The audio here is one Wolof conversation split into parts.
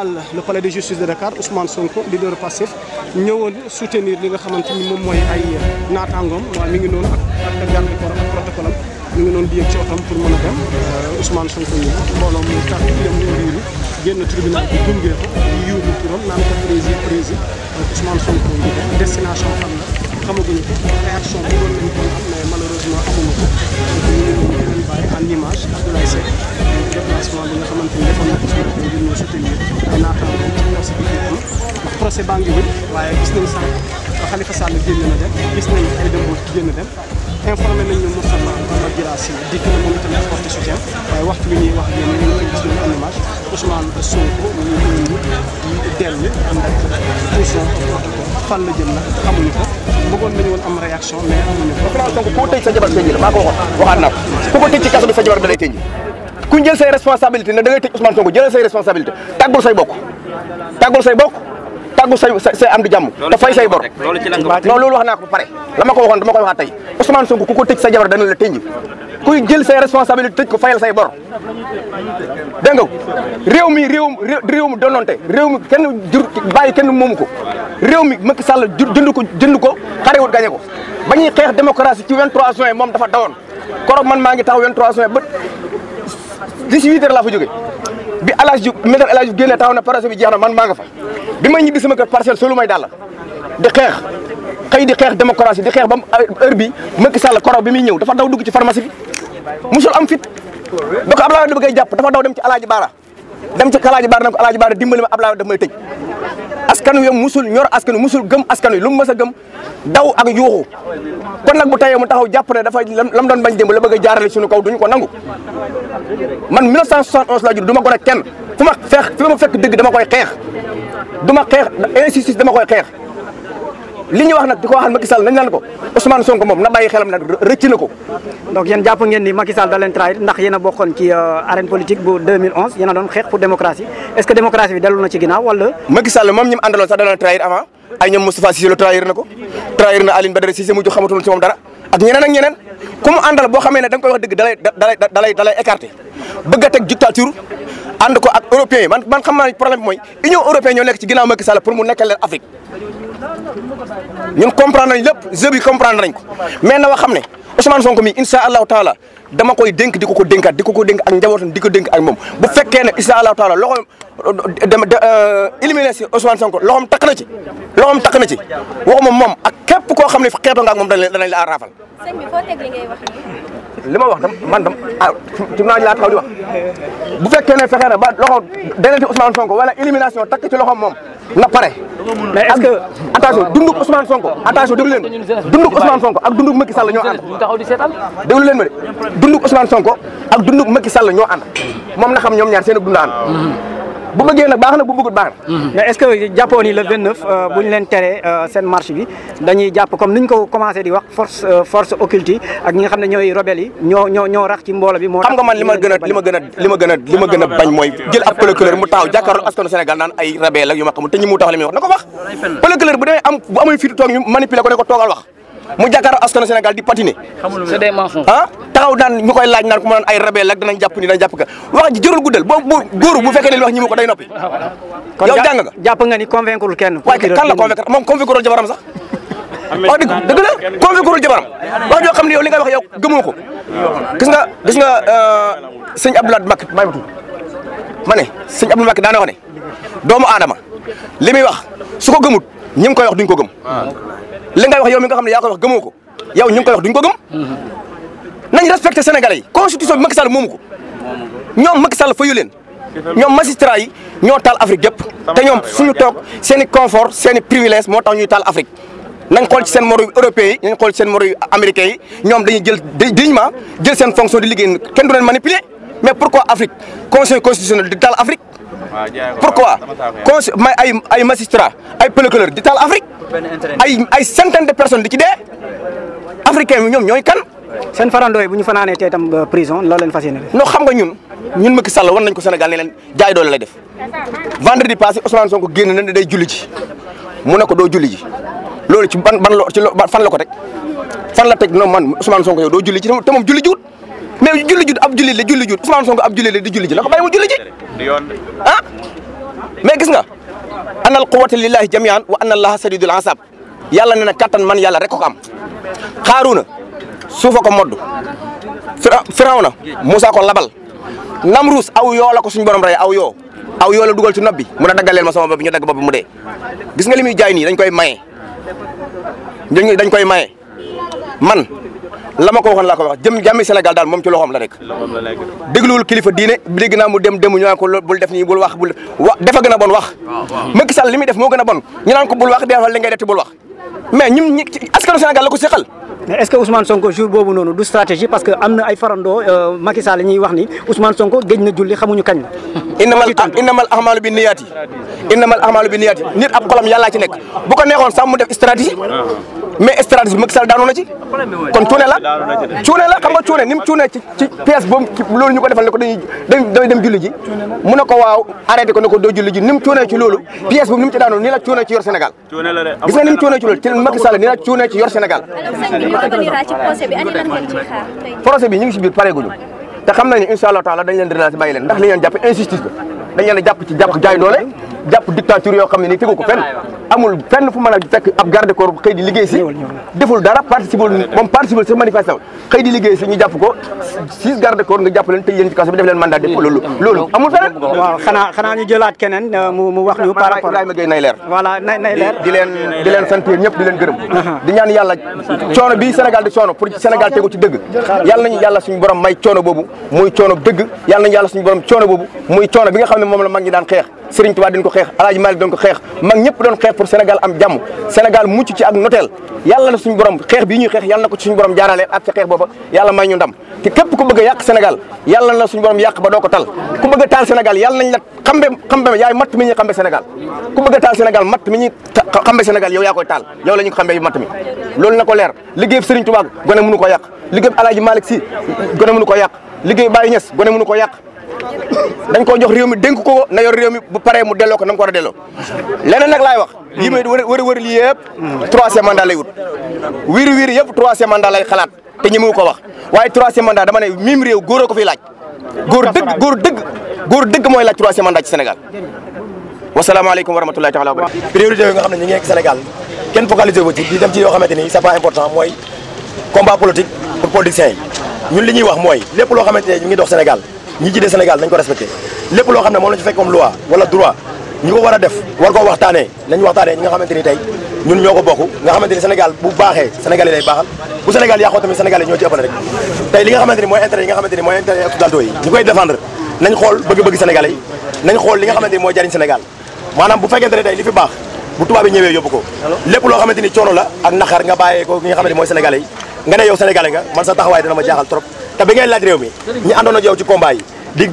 tribunal le palais de justice de Dakar Ousmane Sonko leader Pastef ñëwoon soutenir li nga xamante ni moom mooy ay naataangoom waaw mi ngi noonu ak ak garde corps ngi noonu di yëg ci otom pour mën a dem euh, Ousmane Sonko ñëw mbooloo mu tàkk dem ñu réeru génn tribunal bi gunge ko di yóbbu turam naan ko prési prési Ousmane Sonko ngi dem destination na xamaguñu ko réaction bu doon nañ ko am mais malheureusement amuñu en image Abdoulaye Seck déplacement bi nga xamante ni defoon na ko suñu ngir ñu soutenir ay naataangoo ci procès bi am ndax procès baa ngi wéy waaye gis nañ sax Khalifa Sall génn na dem gis nañ ay dëmboo génn dem informé nañ ñu Moustapha Guirassy dikk na moom itam apporté soutien waaye waxtu bi ñuy wax yéen ñu ngi gis nañ en image Ousmane Sonko ñu ngi dellu ànd ak caution protocole fan la jëm nag xamuñu ko bëggoon nañu woon am réaction mais amuñu ko. waaw donc ku tëj sa jabar tëj la maa ko waxoon waxaat naa ko ku ko tëj ci kaso bi sa jabar da lay tëj ku jël say responsabilité ne da ngay tëj Ousmane Sonko jëlal say responsabilité tàggul say bokk tàggul say bokk. tàggu say say am di jàmm te fay say bor non loolu wax naa ko ba pare la ma ko waxoon dama koy waxaat tey Ousmane Sonko ku ko tëj sa jabar dana la tëj kuy jël say responsabilité tëj ko fayal say bor dégg nga mi réew réew mi dononte réew mi kenn jur bàyyi kenn moomu ko réew mi Macky Sall jënd ko jënd ko xarewut gañe ko ba ñuy xeex démocratie ci 23 juin moom dafa dawoon koroog man maa ngi taxaw 23 juin bët 18 heures la fa jógee bi El Hadj Diouf maître El Hadj Diouf génne projet bi jeex na man maa nga fa bi may ñibbi sama kër parcelle solu may dàll di xeex xëy di xeex démocratie di xeex ba euh, heure bi Macky Sall korow bi muy ñëw dafa daw dugg ci pharmacie bi musul am fit ba ko Abdoulaye Wade bëggee jàpp dafa daw dem ci El Hadj Baara dem ci El Baara na ko El Hadj Baara dimbali ma Abdoulaye Wade daf may tëj askan wi musul ñor askan wi musul gëm askan wi lu mu mës a gëm daw ak yuuxu kon nag bu tayee mu taxaw jàpp ne dafa lam doon bañ démb la bëgg a jaarale suñu kaw duñu ko nangu man 1971 laa judd du ma gone kenn fu ma feex fu ma fekk dëgg dama koy xeex du ma xeex injustice dama koy xeex li ñu wax nag di ko waxal Macky Sall ko Ousmane Sonko moom na bàyyi xelam nag rëcc na ko. donc yéen jàpp ngeen ni Macky Sall da leen trahir ndax yéen a bokkoon ci euh, arène politique bu 2011 yéen a doon xeex pour démocratie est-ce que démocratie bi dellu na ci ginnaaw wala. Macky Sall moom ñi sax da leen trahir ay ñoom Moustapha Cissé Lo trahir na ko trahir na Aline Badara Cissé mujj xamatul ci moom dara ak ñeneen ñeneen ku mu boo xamee ne ñun comprendre lépp jeu bi comprendre nañ ko mais na wax xam ne Ousmane Sonko mi insha allahu taala dama koy dénk di ko ko dénkaat di ko ko dénk ak njabootam di ko dénk ak moom bu fekkee ne insha allahu taala loxoom dem euh, éliminé si Ousmane Sonko loxoom takk na ci loxoom takk na ci waxuma moom ak képp koo xam ne xeetoo nga ak moom danañ la a raafal sëñ bi li ma wax tam man tam ah ci naa laa taxaw di bu fekkee ne fexe na ba loxo dénati Ousmane Sonko wala élimination takk ci loxoom moom na pare. mais est-ce que attention dunduk Ousmane Sonko attention déglu leen dunduk Ousmane Sonko ak dunduk Macky Sall ñoo ànd. déglu leen ma de dunduk Ousmane Sonko ak dunduk Macky Sall ñoo ànd moom na xam ñoom ñaar seen dund ànd. bu bëggee nag baax na bu bëggut baax na. Mhm. mais est-ce que jàppoon ni le 29 euh, leen teree euh, seen marche bi dañuy jàpp comme ni ko commencé di wax force euh, force occulte yi ak ñi xam ne ñooy rebelle ñoo ñoo ñoo rax ci mboolo bi. moo xam nga man li ma a li a li ma a li ma gën a bañ mooy jël ab pëlëkëlër mu taaw jàkkaarloo askanu Sénégal naan ay rebelle ak yu ma xamul te ñi mu tax li muy wax na ko wax. pëlëkëlër bu demee am bu toog ñu manipuler ko ko toogal wax. mu jàkkaarloo askanu Sénégal di patiner. c'est des mensonges ah taxaw daan ñu koy laaj naan ku ma naan ay rebelle ak danañ jàpp ni danañ jàpp ka wax ji jërul guddal boo bu fekkee ne li wax day noppi. yow jàng nga jàpp nga ni convaincre kenn. waaye kan la convaincre moom convaincre jabaram sax. wax dëgg dëgg la convaincre jabaram wax joo xam ne yow li nga wax yow gëmoo ko gis nga gis nga euh, sëñ Abdoulaye Mbacké maa ngi ma ne sëñ Abdoulaye Mbacké daana wax ne doomu aadama li muy wax su ko gëmut ñi ngi koy wax duñ ko gëm. Ah. li ngay wax yow mi nga xam ne yaa koy wax gëmoo ko yow ñi ngi koy wax duñ ko gëm. Mm-hmm. nañ respecté sénégalais yi constitution bi Macky Sall moomu ko ñoom Macky Sall fayu leen ñoom magistrat yi ñoo taal Afrique gépp te ñoom suñu toog seen i confort seeni i moo tax ñuy taal Afrique nañ xool ci seen moroyu européens yi nañ xool seen moroyu américains yi ñoom dañuy jël dignement jël seen fonction di liggéey kenn du leen manipuler mais pourquoi Afrique conseil di taal Afrique pourquoi cons may ay ay magistrat ay procureur di taal Afrique ay ay centaine de personnes di ci dee africain bi ñoom ñooy kan seen farandoo bu ñu fanaanee tey itam euh, prison loolu leen fas yéene non xam nga ñun ñun Macky Sall war nañ ko Sénégal ne leen jaay doole la def vendredi passé Ousmane Sonko génn na ne day julli ji mu ne ko doo julli ji loolu ci ban ban ci fan la ko teg fan la teg non man Sonko yow doo julli te moom julli jiwut mais julli jiwut ab julli la ko bàyyi mu julli du ah mais gis nga anal quwwata lillahi jamian wa anna allaha sadidul asab yàlla ne na kattan man yàlla rek ko am xaaruna suufa ko modd firawna Musa ko labal namrus aw yoo la ko suñ borom rey aw yoo aw yoo la dugal ci nopp bi mun a daggaleel ma sama bopp bi ñu dagg bopp mu dee gis nga li muy jaay nii dañ koy maye dañ koy maye man lama ko waxoon laa ko wax jëm jàmmi Sénégal daal moom ci la nekk dégluwul kilifa diine dégg naa mu dem demu ñu naan ko bul def nii bul wax bul wa dafa gën a bon wax Macky Sall li muy def moo gën a bon ñu naan ko bul wax defal li ngay def bul wax mais ñun askanu Sénégal la ko séqal mais est-ce que Ousmane Sonko jour boobu noonu du stratégie parce que am na ay farandoo euh, Macky Sall ñuy wax ni Ousmane Sonko géej na julli xamuñu kañ la. innamal innamal ahmaalu bi niyaati innamal ahmaalu bi niyaati nit ab xolam yàllaa ci nekk bu ko neexoon sax mu def stratégie mais stratégie bi Macky Sall daanu na ci kon cuune la cuune la xam nga cuune ni mu cuune ci ci pièce boobu loolu ñu ko defal ne ko dañuy dañuy dem julli ji mu ne ko waaw arrêté ko ne ko doo julli ji ni mu cuune ci loolu pièce boobu ni mu ci daanu nii la cuune ci yor Sénégal gis nga ni mu cuune ci loolu ci Macky Sall nii la cuune ci yor Sénégal procès bi ñu ngi si pare guñu te xam nañ ne incha allah taala dañ leen relancer leen ndax li ngeen jàpp injustice la dañ leen jàpp ci jaay doole jàpp dictature yoo xam ne nii tegu amul fenn fu mën a fekk ab garde corps xëy di liggéey si deful dara participe moom participe sa manifestation xëy di liggéey si ñu jàpp ko six garde corps nga jàpp leen tëj leen ci kaso bi def leen mandat dépôt loolu loolu amul feneen waaw ñu jëlaat keneen euh, mu wax ñu par rapport Ibrahima Gueye nay leer voilà leen di leen ñëpp di leen gërëm uh-huh. di ñaan yàlla coono bi Sénégal di coono pour Sénégal tegu ci dëgg yàlla nañu yàlla suñu borom may coono boobu muy coono dëgg yàlla nañu yàlla suñu borom coono muy coono bi nga xam ne moom la mag ñi daan xeex Serigne Touba dañ ko xeex El Hadj Malick doon ko xeex mag ñëpp doon xeex pour Sénégal am jàmm Sénégal mucc ci ak noteel yàlla na suñu borom xeex bii ñuy xeex yàlla na ko ci suñu borom jaarale ak ci xeex booba yàlla may ñu ndam te ku bëgg a yàq Sénégal yàlla na suñu borom yàq ba doo ko tal ku bëgg a taal Sénégal yàlla nañ la xambe xambe yaay matt mi ñuy xambe Sénégal ku bëgg a taal Sénégal matt mi ñuy xambe Sénégal yow yaa koy taal yow la ñu ko xambe yi matt mi loolu na ko leer liggéey Serigne ko yàq liggéey El Hadj Malick si ko yàq liggéey dañ koo jox réew mi dénk ko na yor réew bu paree mu delloo ko na mu ko war delloo leneen nag laay wax yi may wër wër wër lii yëpp troisième mandat lay wut wiiri wiiri yëpp troisième mandat lay xalaat te ñemewu ko wax waaye troisième mandat dama ne mim réew góor ko fi laaj góor dëgg góor dëgg góor dëgg mooy laaj troisième manda ci Sénégal wasalaamaaleykum wa rahmatulahi taala wa barakatu priorité yi nga xam ne ñu ngi nekk Sénégal kenn focalisé wu ci ci yoo xamante ni c'est pas important mooy combat politique pour li ñuy wax mooy lépp loo xamante ne ñu ngi dox Sénégal ñi ci dee Sénégal dañ ko respecté lépp loo xam ne moo lañu fekk comme loi wala droit ñi ko war a def war koo waxtaanee lañ waxtaanee ñi nga xamante ni tey ñun ñoo ko bokk nga xamante ni Sénégal bu baaxee Sénégal yi lay baaxal bu Sénégal yàqoo tamit Sénégal yi ñoo ci nga xamante ni mooy intérêt nga xamante ni mooy intérêt occidentaux yi ñu koy défendre nañ xool bëgg-bëgg Sénégal nañ xool li nga xamante ni mooy jariñ Sénégal maanaam bu fekkente ne tey li fi baax bu tubaab yi ñëwee yóbbu ko lépp loo xamante ni coono la ak naqar nga bàyyee ko li nga xamante mooy Sénégal yi nga ne yow Sénégalais nga man sa trop te bi ngay laaj réew mi ñi àndoon ak yow ci yi di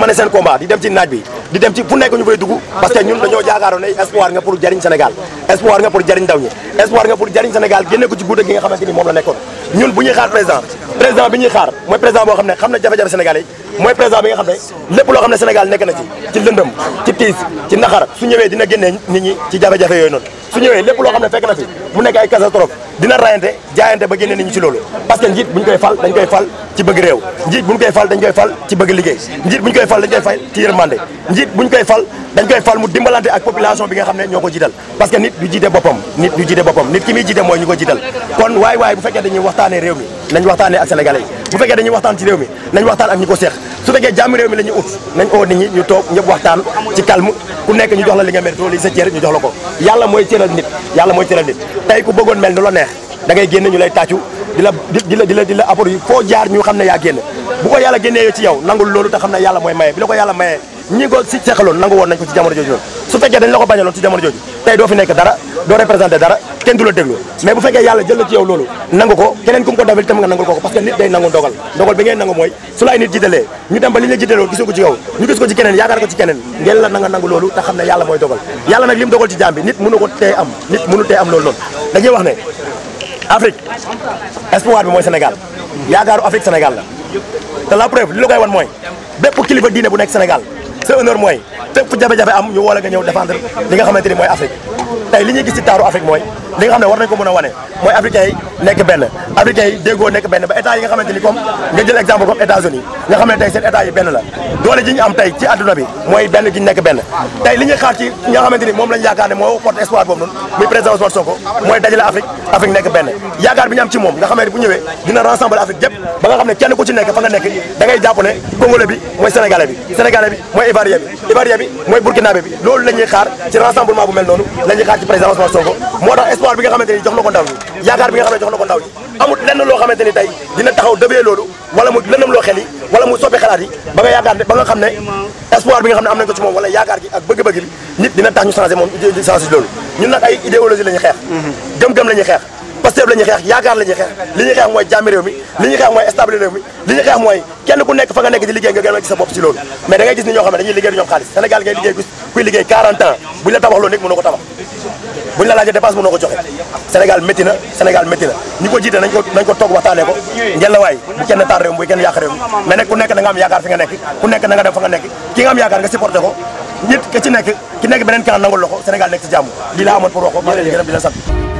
mën seen combat di dem ci naaj bi di dem ci fu nekk ñu fay dugg parce que ñun dañoo yaakaaroon ne espoir nga pour jariñ Sénégal espoir nga pour jariñ ndaw ñi espoir nga pour jariñ Sénégal génne ko ci gudde gi nga xamante ni moom la nekkoon ñun bu ñuy xaar président président bi ñuy xaar mooy président boo xam ne xam na jafe-jafe Sénégalais mooy président bi nga xam ne lépp loo xam ne Sénégal nekk na ci ci lëndëm ci tiis ci naxar su ñëwee dina génnee nit ñi ci jafe-jafe yooyu noonu su ñëwee lépp loo xam ne fekk na fi mu nekk ay catastrophe dina rayante jaayante ba génnee nit ñi ci loolu parce que njiit bu ñu koy fal dañ koy fal ci bëgg réew njiit bu ñu koy fal dañ koy fal ci bëgg njiit bu ñu koy fal dañ koy fal ci mu dimbalante ak population bi nga xam ne ñoo ko jiital parce que nit du jiite boppam nit du jiite boppam nit ki muy jiite mooy ñu waay bu fekkee dañuy waxtaanee réew mi nañ waxtaanee ak bu fekkee dañu waxtaan ci réew mi nañ waxtaan ak ñi ko seex su fekkee jàmmi réew mi la ut nañ oo nit ñu toog ñëpp waxtaan ci calme ku nekk ñu jox la li nga mérite li sa cër ñu jox la ko yàlla mooy cëral nit yàlla mooy cëral nit tey ku bëggoon mel nu la neex da ngay ñu lay tàccu di la di la di la di la yi foo jaar ñu xam ne yaa génn bu ko yàlla génnee ci yow nangul loolu te xam ne yàlla mooy maye bi la ko yàlla maye ñi ko si seqaloon nangu woon nañ ko ci jamono jooju noonu su fekkee dañ la ko bañaloon ci jamono jooju tey doo fi nekk dara doo représenté dara kenn du la déglu mais bu fekkee yàlla jël la ci yow loolu nangu ko keneen ku mu ko defal itam nga nangul ko parce que nit day nangu ndogal ndogal bi ngay nangu mooy su la ay nit jiitalee ñu dem ba li ñu la jiitaloon gisuñ ko ci yow ñu gis ko ci keneen yaakaar ko ci keneen ngeen la mooy dogal yàlla nag li mu dogal ci jaam la te la preuve li la koy wan mooy bépp kilifa sa honneur mooy te fu jafe-jafe am ñu woo la nga ñëw défendre li nga xamante ni mooy Afrique tey li ñuy gis ci taaru Afrique mooy li nga xam ne war ko mën a wane mooy africain yi nekk benn africain yi déggoo nekk benn ba état yi nga xam ne tey seen état benn la doole ji ñu am tey ci adduna bi mooy benn gi nekk benn tey li ñuy xaar ci nga xamante ni moom lañ yaakaar ne moo porte espoir boobu noonu muy président Ousmane Sonko mooy dajale Afrique Afrique nekk benn yaakaar bi ñu ci moom nga xam ne bu ñëwee dina rassembler Afrique yëpp ba nga xam xaar ci président Ousmane Sonko moo tax espoir bi nga xamante ni jox na ko ndaw ñi bi nga xam ne jox na ko ndaw ñi lenn loo xamante ni tey dina taxaw dëbee loolu wala mu lëndam loo xel yi wala mu soppi xalaat yi ba nga yaakaar ne ba nga xam ne espoir bi nga xam ne am nañ ko ci moom wala yaakaar gi ak bëgg-bëgg bi nit dina tax ñu changé moom changé loolu ñun nag ay idéologie xeex gëm-gëm xeex Pastef la ñuy xeex yaakaar la ñuy xeex li ñuy xeex mooy jàmmi réew mi li ñuy xeex mooy stable réew mi li ñuy xeex mooy kenn ku nekk fa nga nekk di liggéey nga gën a gis sa bopp ci loolu mais da ngay gis ni ñoo xam ne dañuy liggéey du ñoom xaalis Sénégal ngay liggéey kuy liggéey 40 ans buñ la tabax loolu nekk mënoo ko tabax buñ la laajee dépense mënoo ko joxe Sénégal métti na Sénégal métti na ñi ko jiite nañ ko nañ ko toog waxtaanee ko ngeen la waay bu kenn taal réew mi bu kenn yàq réew mi mais nag ku nekk na nga am yaakaar fi nga nekk ku nekk na nga dem fa nga nekk ki nga am yaakaar nga supporté ko nit ki ci nekk ki nekk beneen kan nangul la ko Sénégal nekk ci jàmm lii laa amoon pour wax ko maa ngi leen gërëm di leen sant